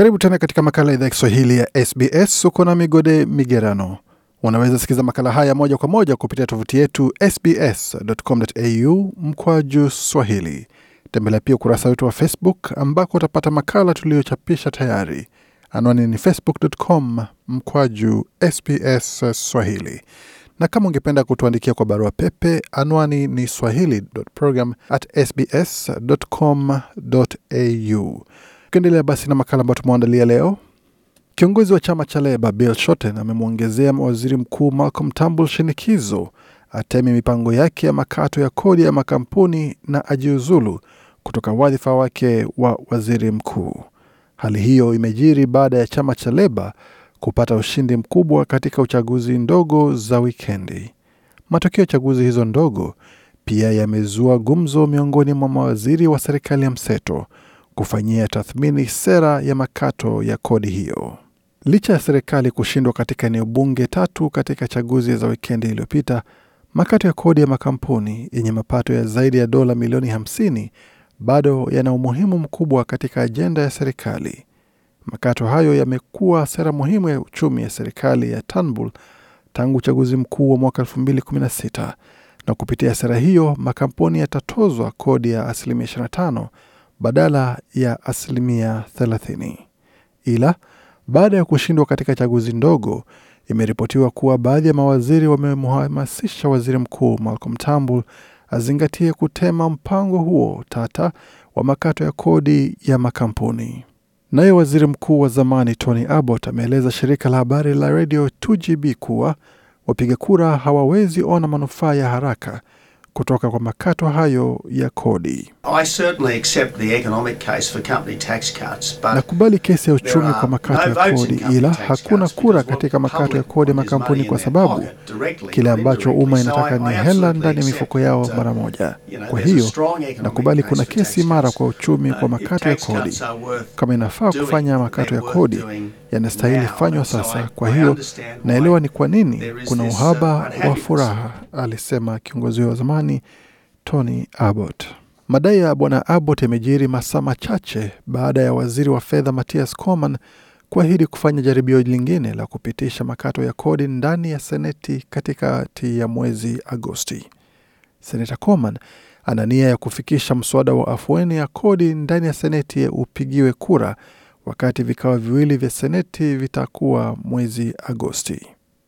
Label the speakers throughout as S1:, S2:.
S1: Karibu tena katika makala idhaa ya Kiswahili ya SBS. Uko na Migode Migerano. Unaweza sikiliza makala haya moja kwa moja kupitia tovuti yetu sbs.com.au mkwaju swahili. Tembelea pia ukurasa wetu wa Facebook ambako utapata makala tuliyochapisha tayari. Anwani ni facebook.com mkwaju SBS swahili, na kama ungependa kutuandikia kwa barua pepe, anwani ni swahili.program@sbs.com.au. Tukiendelea basi na makala ambayo tumeandalia leo, kiongozi wa chama cha Leba Bill Shorten amemwongezea waziri mkuu Malcolm Turnbull shinikizo ateme mipango yake ya makato ya kodi ya makampuni na ajiuzulu kutoka wadhifa wake wa waziri mkuu. Hali hiyo imejiri baada ya chama cha Leba kupata ushindi mkubwa katika uchaguzi ndogo za wikendi. Matokeo ya chaguzi hizo ndogo pia yamezua gumzo miongoni mwa mawaziri wa serikali ya mseto kufanyia tathmini sera ya makato ya kodi hiyo. Licha ya serikali kushindwa katika eneo bunge tatu katika chaguzi za wikendi iliyopita, makato ya kodi ya makampuni yenye mapato ya zaidi ya dola milioni 50 bado yana umuhimu mkubwa katika ajenda ya serikali. Makato hayo yamekuwa sera muhimu ya uchumi ya serikali ya Turnbull tangu uchaguzi mkuu wa mwaka 2016 na kupitia sera hiyo makampuni yatatozwa kodi ya asilimia 25 badala ya asilimia 30. Ila baada ya kushindwa katika chaguzi ndogo, imeripotiwa kuwa baadhi ya mawaziri wamemhamasisha waziri mkuu Malcolm Turnbull azingatie kutema mpango huo tata wa makato ya kodi ya makampuni. Naye waziri mkuu wa zamani Tony Abbott ameeleza shirika la habari la redio 2GB kuwa wapiga kura hawawezi ona manufaa ya haraka kutoka kwa makato hayo ya kodi nakubali kesi ya uchumi kwa makato ya kodi, ila hakuna kura katika makato ya kodi ya makampuni kwa sababu kile ambacho umma inataka ni hela ndani ya mifuko yao mara moja. Kwa hiyo nakubali kuna kesi mara kwa uchumi kwa makato ya kodi. Kama inafaa kufanya makato ya kodi, yanastahili fanywa sasa. Kwa hiyo naelewa ni kwa nini kuna uhaba uh, wa furaha, alisema kiongozi wa zamani Tony Abbott. Madai ya bwana Abbott yamejiri masaa machache baada ya waziri wa fedha Mathias Coman kuahidi kufanya jaribio lingine la kupitisha makato ya kodi ndani ya seneti katikati ya mwezi Agosti. Senata Coman ana nia ya kufikisha mswada wa afueni ya kodi ndani ya seneti ya upigiwe kura wakati vikao viwili vya seneti vitakuwa mwezi Agosti.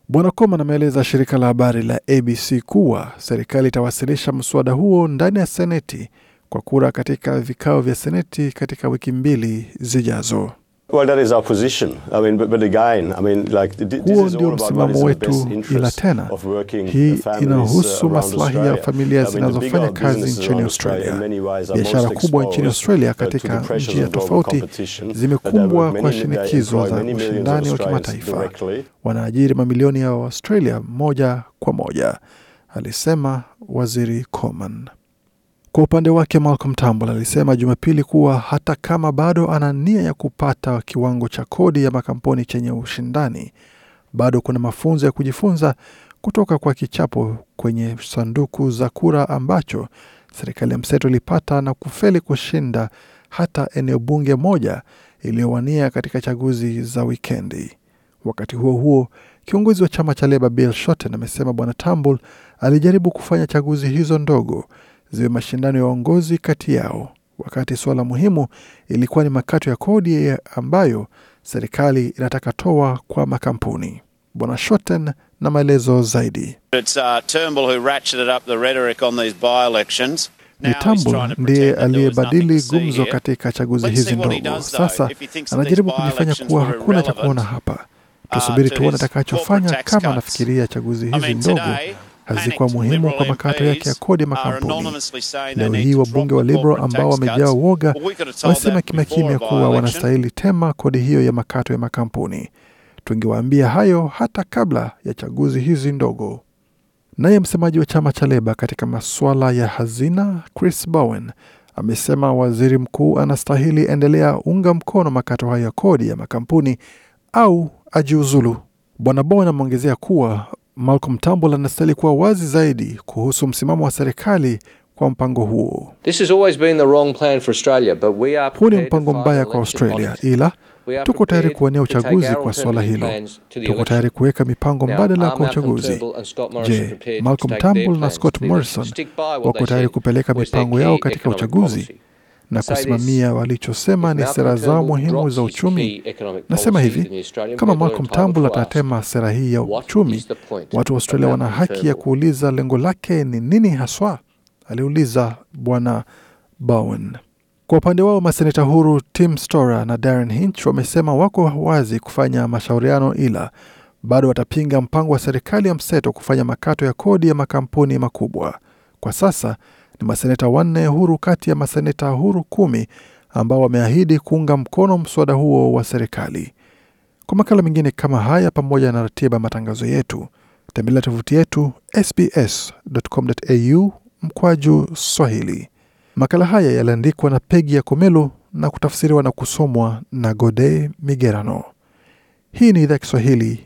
S1: Bwana Coman ameeleza shirika la habari la ABC kuwa serikali itawasilisha mswada huo ndani ya seneti kwa kura katika vikao vya Seneti katika wiki mbili zijazo. Well, that is our position. I mean, but, but again, I mean, like, huo ndio msimamo wetu, ila tena hii uh, inahusu maslahi ya familia zinazofanya kazi nchini Australia. Biashara kubwa nchini uh, Australia katika njia tofauti zimekumbwa kwa shinikizo za ushindani wa kimataifa. Wanaajiri mamilioni ya Australia moja kwa moja, alisema Waziri Coman. Kwa upande wake Malcolm Turnbull alisema Jumapili kuwa hata kama bado ana nia ya kupata kiwango cha kodi ya makampuni chenye ushindani, bado kuna mafunzo ya kujifunza kutoka kwa kichapo kwenye sanduku za kura ambacho serikali ya mseto ilipata na kufeli kushinda hata eneo bunge moja iliyowania katika chaguzi za wikendi. Wakati huo huo, kiongozi wa chama cha Leba Bill Shorten amesema Bwana Tambul alijaribu kufanya chaguzi hizo ndogo ziwe mashindano ya uongozi kati yao, wakati suala muhimu ilikuwa ni makato ya kodi ambayo serikali inataka toa kwa makampuni. Bwana Shoten na maelezo zaidi. Ni uh, tambul ndiye aliyebadili gumzo katika chaguzi hizi ndogo. Sasa anajaribu kujifanya kuwa hakuna cha kuona hapa. Uh, Tusubiri tuone atakachofanya, kama anafikiria chaguzi hizi ndogo hazikuwa muhimu kwa makato yake ya kodi ya makampuni. Leo hii wabunge wa Liberal ambao wamejaa uoga wanasema kimya kimya kuwa wanastahili tema kodi hiyo ya makato ya makampuni. Tungewaambia hayo hata kabla ya chaguzi hizi ndogo. Naye msemaji wa chama cha Leba katika masuala ya hazina Chris Bowen amesema waziri mkuu anastahili endelea unga mkono makato hayo ya kodi ya makampuni au ajiuzulu. Bwana Bowen ameongezea kuwa Malcolm Turnbull anastahili kuwa wazi zaidi kuhusu msimamo wa serikali kwa mpango huo. Huu ni mpango mbaya kwa Australia, ila tuko tayari kuwania uchaguzi kwa suala hilo. Tuko tayari kuweka mipango mbadala kwa uchaguzi. Je, Malcolm Turnbull na Scott Morrison wako tayari kupeleka mipango yao katika uchaguzi? na kusimamia walichosema ni sera zao muhimu za uchumi. Nasema hivi, kama Malcolm Turnbull atatema sera hii ya uchumi, watu wa Australia wana haki ya kuuliza lengo lake ni nini haswa, aliuliza Bwana Bowen. Kwa upande wao maseneta huru Tim Stora na Darren Hinch wamesema wako wazi kufanya mashauriano, ila bado watapinga mpango wa serikali ya mseto kufanya makato ya kodi ya makampuni makubwa. Kwa sasa ni maseneta wanne huru kati ya maseneta huru kumi ambao wameahidi kuunga mkono mswada huo wa serikali. Kwa makala mengine kama haya, pamoja na ratiba ya matangazo yetu, tembelea tovuti yetu sbs.com.au mkwaju Swahili. Makala haya yaliandikwa na Pegi ya Komelo na kutafsiriwa na kusomwa na Gode Migerano. Hii ni idhaa Kiswahili